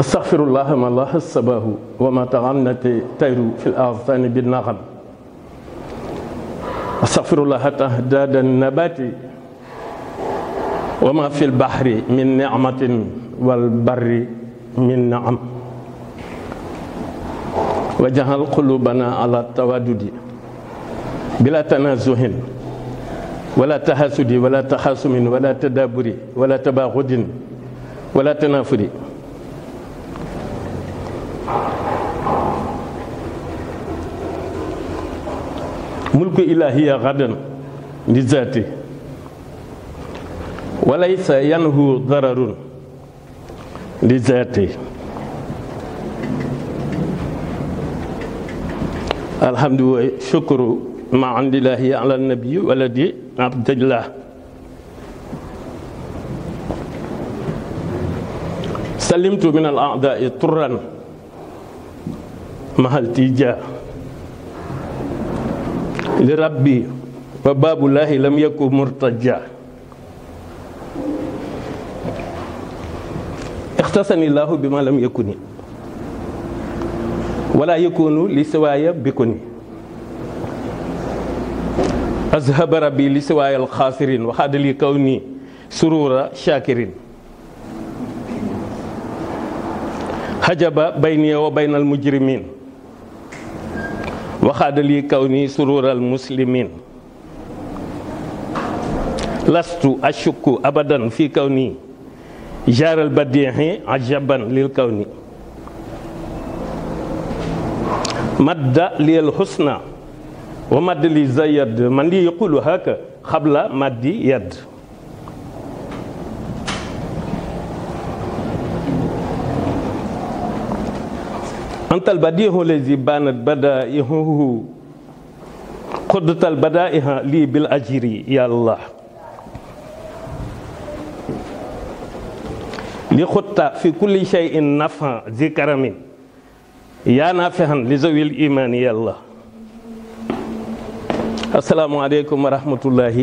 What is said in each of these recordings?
استغفر الله ما الله الصباه وما تغنت تير في الأغصان بالنغم استغفر الله تهداد النبات وما في البحر من نعمة والبر من نعم وجعل قلوبنا على التوادد بلا تنازه ولا تحاسد ولا تخاصم ولا تدابر ولا تباغض ولا تنافر ملك إلهي غدا لذاته وليس ينهو ضرر لذاته الحمد والشكر ما عند الله على النبي ولدي عبد الله سلمت من الأعداء طرا مهل تجاه لربي وباب الله لم يكن مرتجا اختصني الله بما لم يكن ولا يكون لسواي بكني أذهب ربي لسواي الخاسرين وحد لي كوني سرورا شاكرين حجب بيني وبين المجرمين وخاد لي كوني سرور المسلمين لست أشك أبدا في كوني جار البديع عجبا للكون مد لي الحسنى ومد لي زيد من لي يقول هكا قبل مد يد أنت البديع الذي بانت بدائعه قدرة البدائع لي بالأجر يا الله لخط في كل شيء نفع ذكر من يا نافعا لذوي الإيمان يا الله السلام عليكم ورحمة الله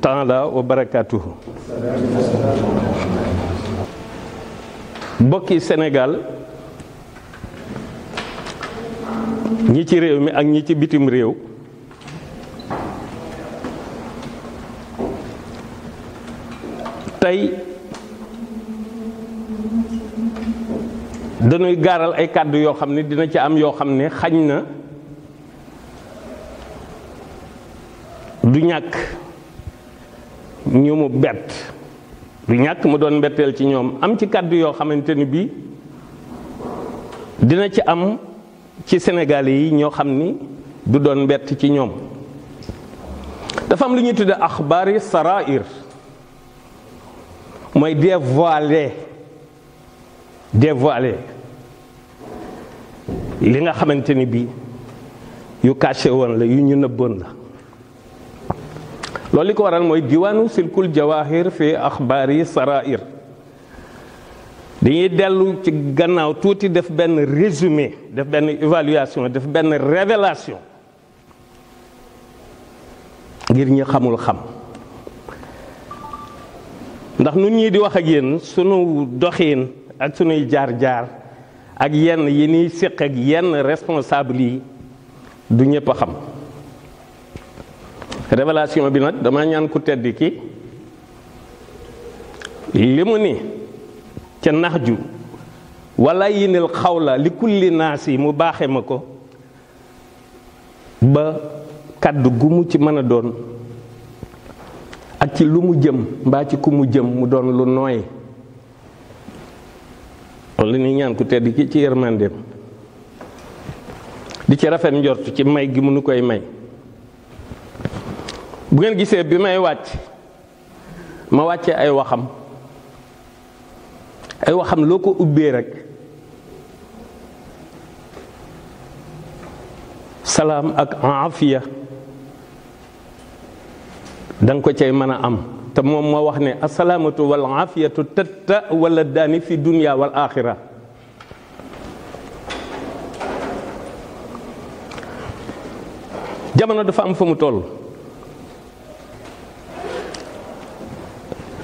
تعالى وبركاته بكي سنغال ñi ci réew mi ak ñi ci bitim réew tey dañuy gaaral ay kàddu yoo xam ne dina ci am yoo xam ne xañ na du ñàkk ñu mu bett du ñàkk mu doon mbetteel ci ñoom am ci kàdd yoo xamante ni bii dina ci am ci Sénégal yi ñoo xam ni du doon bett ci ñoom dafa am lu ñuy tudde axbaari sarair mooy dévoilé dévoilé li nga xamante ni bii yu caché woon la yu ñu nëbboon la loolu li ko waral mooy diwaanu silkul jawahir fi axbaari sarair dañuy dellu ci gannaaw tuuti def benn résumé def benn évaluation def benn révélation ngir ñi xamul xam ndax di wax ak ak jaar-jaar ak yi ak responsable yi du xam bi dama ñaan ku ki ca nax ju wala yinil xawla li kulli naas yi mu baaxe ma ko ba kàddu gu mu ci mën a doon ak ci lu mu jëm mbaa ci ku mu jëm mu doon lu nooy loolu ni ñaan ku tedd ki ci yërmandeem di ci rafet njort ci may gi mu nu koy may bu ngeen gisee bi may wàcc ma wàccee ay waxam ay waxam loo ko ubbe rek salam ak afiya dang ko cey am te mom mo wax ne assalamatu wal afiyatu tatta wala dani fi dunya wal akhirah jamono dafa am fa mu toll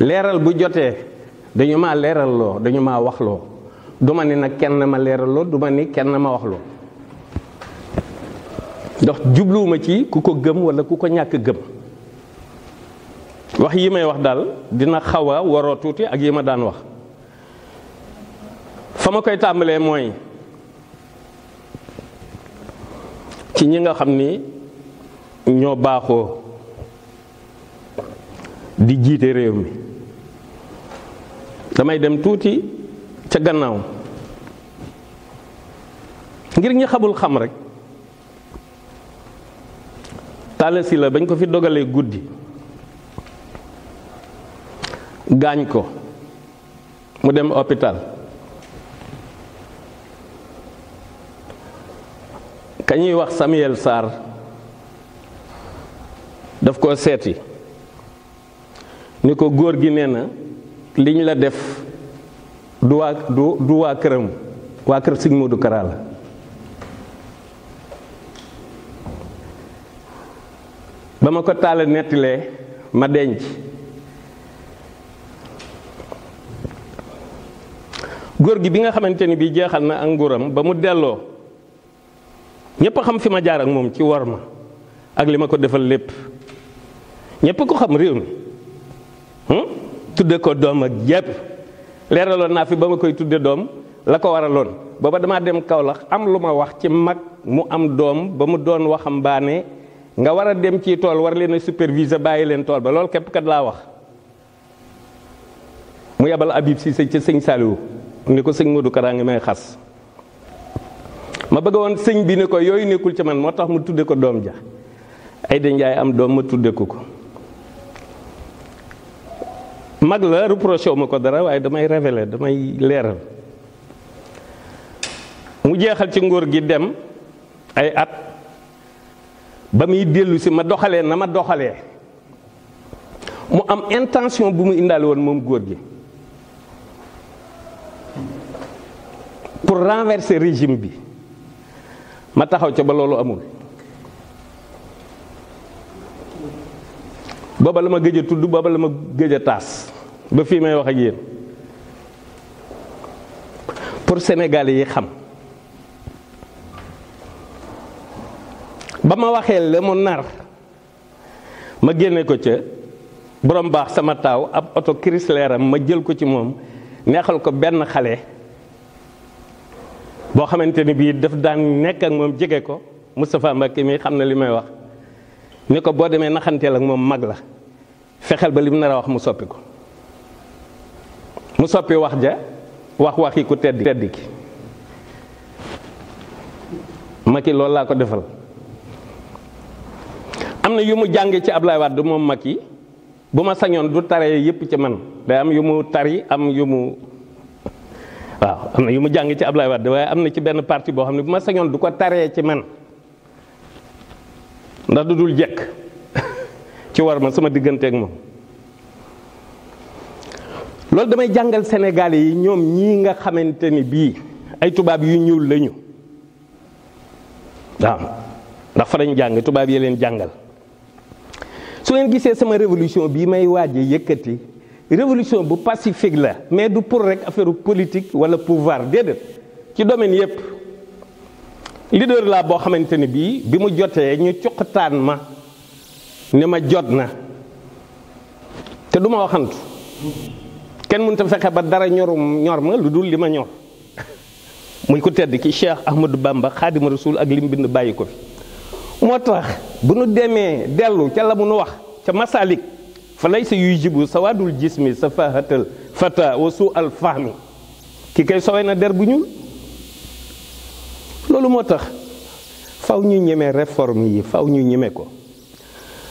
leral bu jotee dañu ma leeral loo dañu ma waxloo loo du ma nag kenn ma leeral loo du ma ni kenn ma waxloo ndox jubluwuma ci ku ko gëm walla ku ko ñàkk gëm wax yi may wax daal dina xaw a waroo tuuti ak yi ma daan wax fa ma koy tàmbalee mooy ci ñi nga xam ni ñoo baaxoo di jiite réew mi damay dem tuuti ca gannaaw ngir ñi xamul xam rek Talla Sylla bañ ko fi dogalee guddi gaañ ko mu dem hôpital ka ñuy wax Samuel Sarr daf ko seeti ni ko góor gi nee na li ñu la def du wa du wa kërëm wa kër Sëñ Modou Kara la bama ko talé nettilee ma denc gor gi bi nga xamanteni bi jéxal na ak nguuram ba mu delloo ñepp xam fi ma jaar ak mom ci warma ak lima ko defal lepp ñepp ko xam réew mi hmm? tudde ko dom ak yépp leralon na fi bama koy tudde dom la ko waraloon booba dama dem kaolax am luma wax ci mag mu am dom ba mu waxam bané nga wara dem ci tol war leen a baye leen ba lol kep kat la wax mu yebal Habib Cissé ci seigne salou ni ko seigne Modou karangi may khas ma bëgg won seigne bi ne ko yoy nekul ci man motax mu tudde ko dom ja ay de am dom ma tudde ko ko mag la reproché wu ko dara waaye damay révéler damay leeral mu jeexal ci nguur gi dem ay at ba muy dellu si ma doxalee na ma doxalee mu am intention bu mu indaale woon moom góor gi pour renverser régime bi ma taxaw ca ba loolu amul booba la ma géej a tudd booba la ma géej a taas ba fii may wax ak yéen pour senegal yi xam ba ma waxee la mu nar ma génne ko ca borom baax sama taaw ab oto Chrysler am ma jël ko ci moom neexal ko benn xale boo xamante ni bii daf daan nekk moom jege ko Moustapha Mbacké mi xam na li may wax ni ko boo demee naxanteel ak moom mag la fexeel ba li mu nar a wax mu soppi ko mu soppi wax ja wax waxi ku tedd tedd ki Macky loolu laa ko defal am na yu mu jànge ci Ablaye Wade moom yi bu ma sañoon du taree yépp ci man day am yu mu tari am yu mu waaw am na yu mu jàng ci Ablaye Wade waaye am na ci benn parti boo xam ne bu ma sañoon du ko taree ci man ndax du dul jekk ci war ma sama digganteeg moom loolu damay jàngal Sénégalais yi ñoom ñii nga xamante ni bii ay tubaab yu ñuul lañu waaw ndax fa dañ jàng tubaab yi leen jàngal su leen gisee sama révolution bii may waaje yëkkati révolution bu pacifique la mais du pour rek affaire politique wala pouvoir déedéet ci domaine yépp leader laa boo xamante ne bii bi mu jotee ñu cuqtaan ma ne ma jot na te duma waxantu kenn mënut a fexe ba dara ñor ma lu dul li ma ñor muy ko tedd ki Cheikh Ahmadou Bamba Xaadimu Rasuul ak lim bind bàyyi ko fi moo tax bu nu demee dellu ca la mu nu wax ca masalik fa lay sa yuy jibu sa waadul jismi sa fahatal fata wa suu al fahmi ki koy sowe na der bu ñuul loolu motax faw ñu ñëmé réforme yi faw ñu ñëmé ko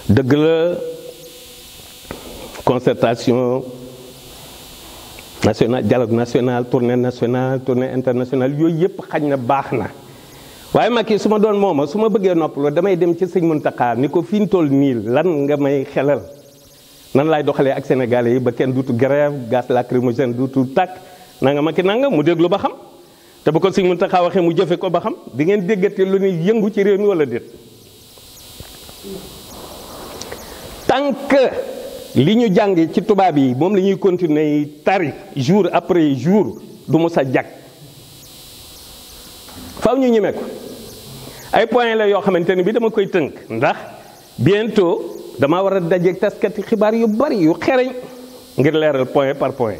deug la concertation national dialogue national tournée nationale tournée internationale yoy yep xagn na baax na waaye Macky su doon moma suma bëggé bëggee damay dem ci seigne muntaka ni ko fi ñu toll lan nga may xelal nan lay doxalee ak sénégalais yi ba kenn dutu grève gas lacrymogène nanga Macky nanga mu déglu ba xam te bu ko Sëñ Muntaxa waxee mu jëfe ko ba xam di ngeen déggate lu ñuy yëngu ci réew mi wala déet tànk li ñu jàng ci tubaab yi moom la ñuy continuer tari jour après jour du mu sa jag faw ñu ñemee ko ay point la yoo xamante ni bi dama koy tënk ndax bientôt dama war a dajeeg taskati xibaar yu bari yu xereñ ngir leeral point par point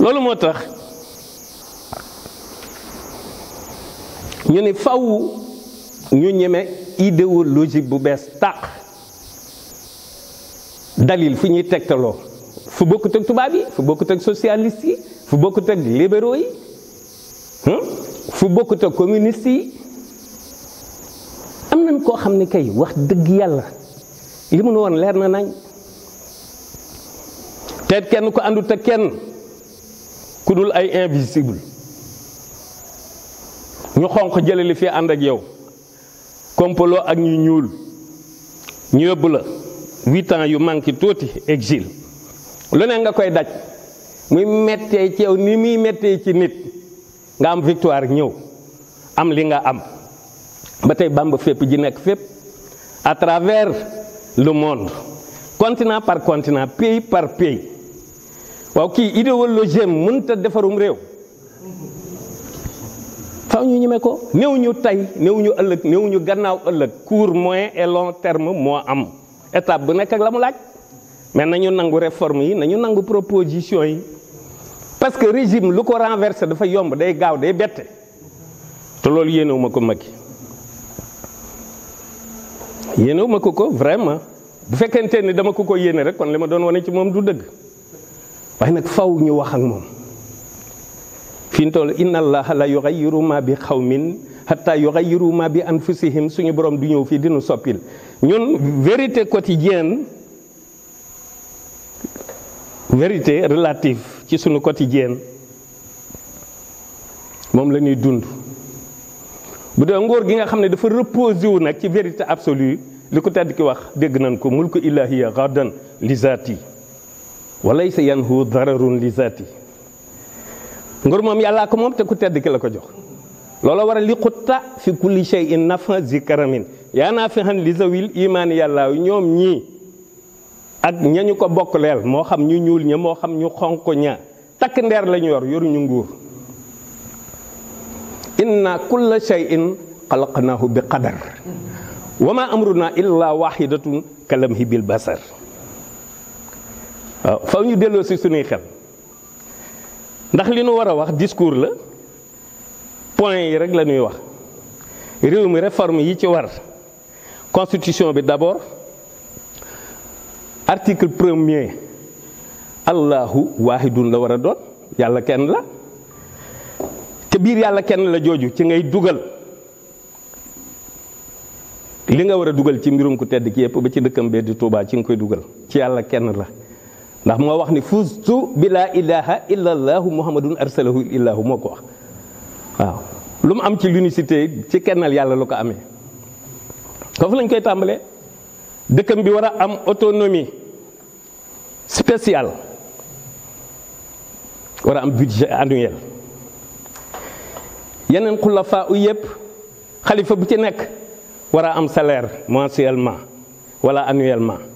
loolu moo tax ñu ne faw ñu ñeme idéologie bu bees tàq dalil fi ñuy tegtaloo fu bokkut ak tubaab yi fu bokkut ak socialiste yi fu bokkut ak libéraux yi fu bokkut ak communiste yi am nañ koo xam ne kay wax dëgg yàlla li mun woon leer na nañ te kenn ko àndut kenn dul ay invisible ñu xonq jële li fi ànd ak yow kompaloo ak ñu ñuul ñu yóbbu la huit yu manqué tuuti exil lu ne nga koy daj muy mettee ci yow ni muy mettee ci nit nga am victoire ñëw am li nga am ba tey Bamba fépp ji nekk fépp à travers le monde continent par continent pays par pays waaw kii idéologie am mënta defarum réew faaw ñu ñemee ko néew ñu tey néew ñu ëllëg néew ñu gannaaw ëllëg court moins et long terme moo am étape bu nekk ak la mu laaj mais nañu nangu réforme yi nañu nangu proposition yi parce que régime lu ko renversé dafa yomb day gaaw day bette te loolu yéenewuma ko mag yi Macky yéenewuma ko ko vraiment bu fekkente ni dama ko ko yéene rek kon li ma doon wane ci moom du dëgg waaye nag faw ñu wax ak moom fi ñu toll inna allaha la yughayyiru ma bi xawmin hatta yughayyiru ma bi anfusihim suñu borom du ñëw fii dinu soppil ñun vérité quotidienne vérité relative ci suñu quotidienne moom la ñuy dund bu dee nguur gi nga xam ne dafa reposé wu nag ci vérité absolue li ko tedd ki wax dégg nañ ko mulku ilahiya gardan lizaati walaysa yanhu dararun li zati nguur moom yàllaa ko moom te ku tedd ki la ko jox looloo waral li xutta fi kulli shay'in nafa zikaramin yaa naa fexan li zawil imaan yàllaa ñoom ñii ak ñañu ko bokk leel moo xam ñu ñuul ña moo xam ñu xonq ña takk ndeer lañu yor yoruñu nguur inna kulla shay'in xalaqnaahu bi qadar wa ma amruna illa waxidatun kalamhi bil basar waaw faw ñu delloo si suñuy xel ndax li nu war a wax discours la point yi rek la ñuy wax réew mi réforme yi ci war constitution bi d'abord article premier allahu waahidun la war a doon yàlla kenn la te biir yàlla kenn la jooju ci ngay dugal li nga war a dugal ci mbirum ku tedd ki yëpp ba ci dëkkam bee di Tuubaa ci nga koy dugal ci yàlla kenn la ndax moo wax ni fustu bi laa ilaha illa allahu muhammadun arsalahu illahu moo ko wax waaw lu mu am ci l'unicité ci kennal yàlla lu ko amee foofu lañ koy tàmbalee dëkkam bi war a am autonomie spéciale war a am budget annuel yeneen xulafaa u yëpp xalifa bu ci nekk war a am salaire mensuellement wala annuellement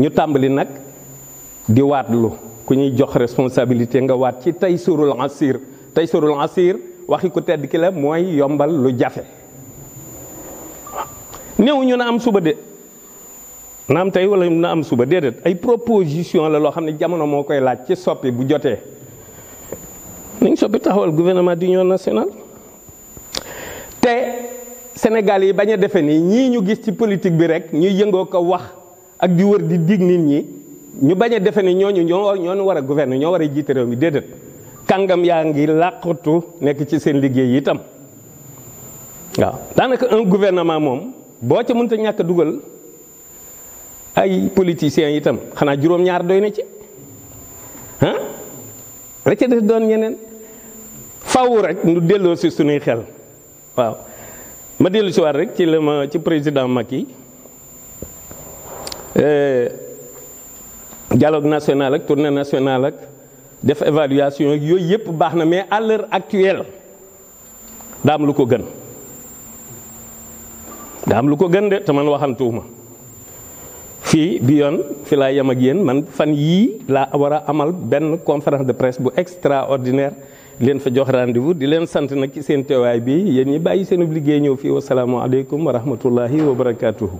ñu tambali nak di waatlu ku ñuy jox responsabilité nga wat ci tey surul asir tey surul asir waxi ku tedd ki la moy yombal lu jafé neew ñu na am suba de na am tey wala na am suba dedet ay proposition la lo xam jamono mo koy laaj ci soppi bu joté niñ soppi taxawal gouvernement d'union nationale té sénégal yi baña a ni ñi ñu gis ci politique bi rek ñu yëngo ko wax ak di wër di dig nit ñi ñu baña défé nyonyo ñoñu ñoo ñoo wara gouverne ñoo wara jité réew mi déedéet kangam yaa ngi làqatu nekk ci seen liggéey itam waaw daanaka un gouvernement moom boo ca mënta ñak duggal ay politiciens itam xana juroom ñaar doyna ci ah la def doon ñeneen faaw rek ñu delloo ci suñu xel waaw ma dellu ci war rek ci le ma ci président Macky Euh, dialogue national ak tournée nationale ak def évaluation ak yoy yep baxna mais à l'heure actuelle da am lu ko gën da am lu ko gën de te man waxantuuma fi bi fi la yam ak yeen man fan yi la wara amal ben conférence de presse bu extraordinaire len fa jox rendez-vous di len Yeni nak ci sen teewaay bi yéen ñi obligé fi wa alaykum wa rahmatullahi wa barakatuh